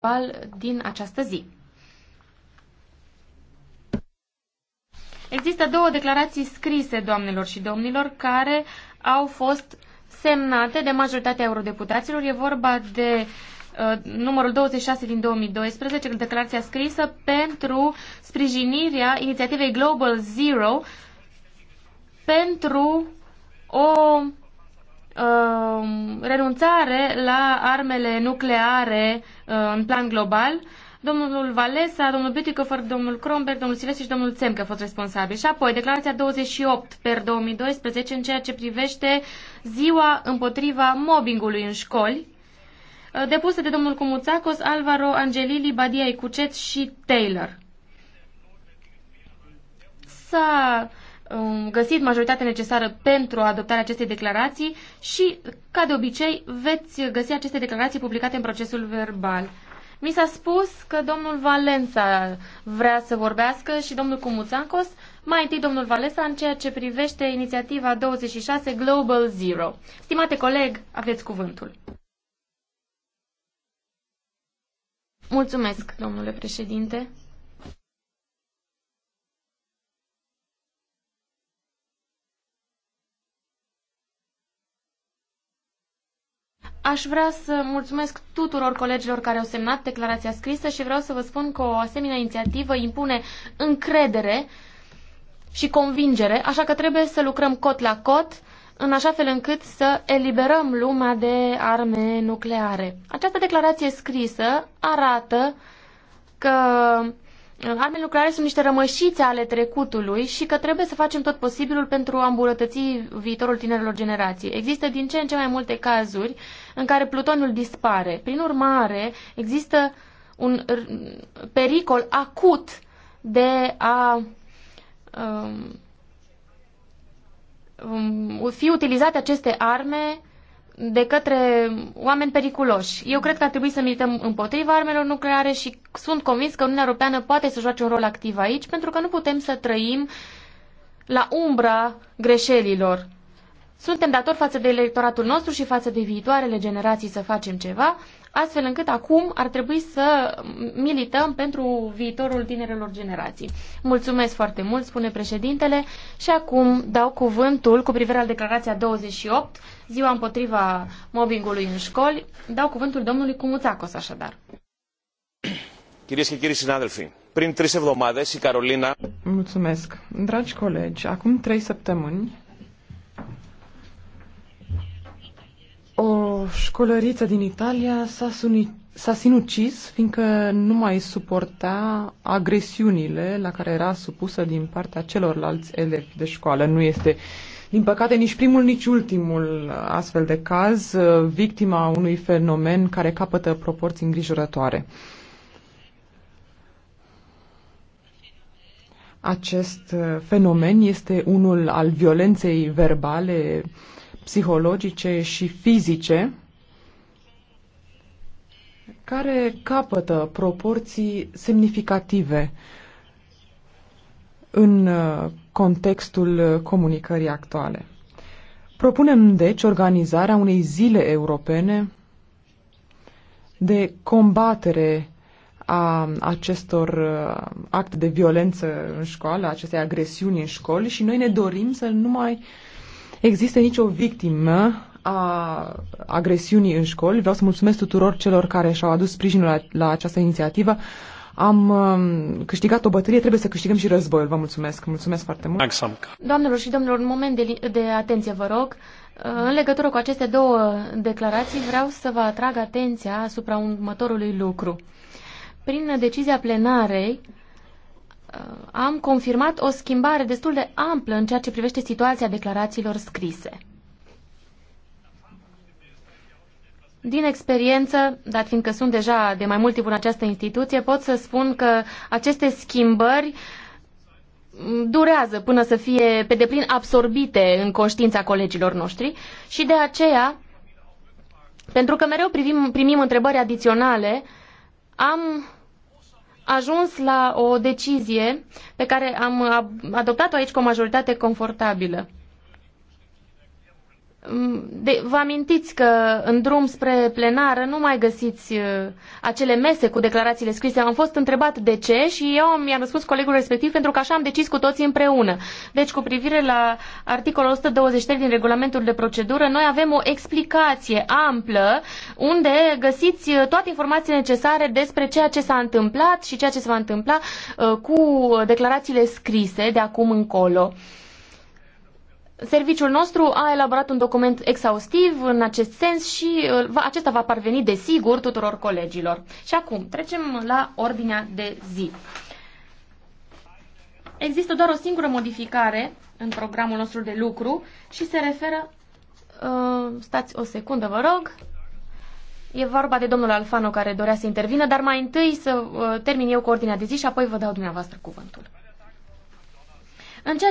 principal din această zi. Există două declarații scrise, doamnelor și domnilor, care au fost semnate de majoritatea eurodeputaților. E vorba de uh, numărul 26 din 2012, declarația scrisă pentru sprijinirea inițiativei Global Zero pentru o Um, renunțare la armele nucleare uh, în plan global. Domnul Valesa, domnul Bütikofer, domnul Kronberg, domnul Silesi și domnul Țem, că au fost responsabili. Și apoi, declarația 28 per 2012 în ceea ce privește ziua împotriva mobbingului în școli, uh, depusă de domnul Cumuțacos, Alvaro, Angelili, Badia Icucet și Taylor. S-a Um, găsit majoritatea necesară pentru adoptarea acestei declarații și, ca de obicei, veți găsi aceste declarații publicate în procesul verbal. Mi s-a spus că domnul Valența vrea să vorbească și domnul Cumuțancos, mai întâi domnul Valența în ceea ce privește inițiativa 26 Global Zero. Stimate coleg, aveți cuvântul. Mulțumesc, domnule președinte. Aș vrea să mulțumesc tuturor colegilor care au semnat declarația scrisă și vreau să vă spun că o asemenea inițiativă impune încredere și convingere, așa că trebuie să lucrăm cot la cot, în așa fel încât să eliberăm lumea de arme nucleare. Această declarație scrisă arată că Armele nucleare sunt niște rămășițe ale trecutului și că trebuie să facem tot posibilul pentru a îmbunătăți viitorul tinerilor generații. Există din ce în ce mai multe cazuri în care plutonul dispare. Prin urmare, există un pericol acut de a um, um fi utilizate aceste arme de către oameni periculoși. Eu cred că ar trebui să milităm împotriva armelor nucleare și sunt convins că Uniunea Europeană poate să joace un rol activ aici, pentru că nu putem să trăim la umbra greșelilor. Suntem datori față de electoratul nostru și față de viitoarele generații să facem ceva, astfel încât acum ar trebui să milităm pentru viitorul tinerelor generații. Mulțumesc foarte mult, spune președintele, și acum dau cuvântul cu privire la declarația 28, ziua împotriva mobbingului în școli, dau cuvântul domnului Cumuțacos așadar. Κυρίες și κύριοι συνάδελφοι, Prin trei săptămâni. Mulțumesc. Dragi colegi, acum trei săptămâni, școlăriță din Italia s-a, suni, s-a sinucis fiindcă nu mai suporta agresiunile la care era supusă din partea celorlalți elevi de școală. Nu este, din păcate, nici primul, nici ultimul astfel de caz, uh, victima unui fenomen care capătă proporții îngrijorătoare. Acest uh, fenomen este unul al violenței verbale uh, psihologice și fizice care capătă proporții semnificative în uh, contextul comunicării actuale. Propunem, deci, organizarea unei zile europene de combatere a acestor uh, acte de violență în școală, acestei agresiuni în școli și noi ne dorim să nu mai uh, există nicio victimă a agresiunii în școli. Vreau să mulțumesc tuturor celor care și-au adus sprijinul la, la această inițiativă. Am um, câștigat o bătălie, trebuie să câștigăm și războiul. Vă mulțumesc, mulțumesc foarte mult. Doamnelor și domnilor, un moment de, de atenție, vă rog. Uh, în legătură cu aceste două declarații, vreau să vă atrag atenția asupra următorului lucru. Prin decizia plenarei, Uh, am confirmat o schimbare destul de amplă în ceea ce privește situația declarațiilor scrise. Din experiență, dat fiindcă sunt deja de mai mult timp în această instituție, pot să spun că aceste schimbări mm, durează până să fie pe deplin absorbite în conștiința colegilor noștri și de aceea, pentru că mereu privim, primim întrebări adiționale, am ajuns la o decizie pe care am adoptat-o aici cu o majoritate confortabilă. Mm, de, vă amintiți că în drum spre plenară nu mai găsiți uh, acele mese cu declarațiile scrise. Am fost întrebat de ce și eu mi-am răspuns colegul respectiv pentru că așa am decis cu toții împreună. Deci cu privire la articolul 123 din regulamentul de procedură, noi avem o explicație amplă unde găsiți uh, toate informațiile necesare despre ceea ce s-a întâmplat și ceea ce se va întâmpla uh, cu declarațiile scrise de acum încolo. Uh, Serviciul nostru a elaborat un document exhaustiv în acest sens și uh, acesta va parveni, desigur, tuturor colegilor. Și acum, trecem la ordinea de zi. Există doar o singură modificare în programul nostru de lucru și se referă... Uh, stați o secundă, vă rog. E vorba de domnul Alfano care dorea să intervină, dar mai întâi să uh, termin eu cu ordinea de zi și apoi vă dau dumneavoastră cuvântul. În ceea ce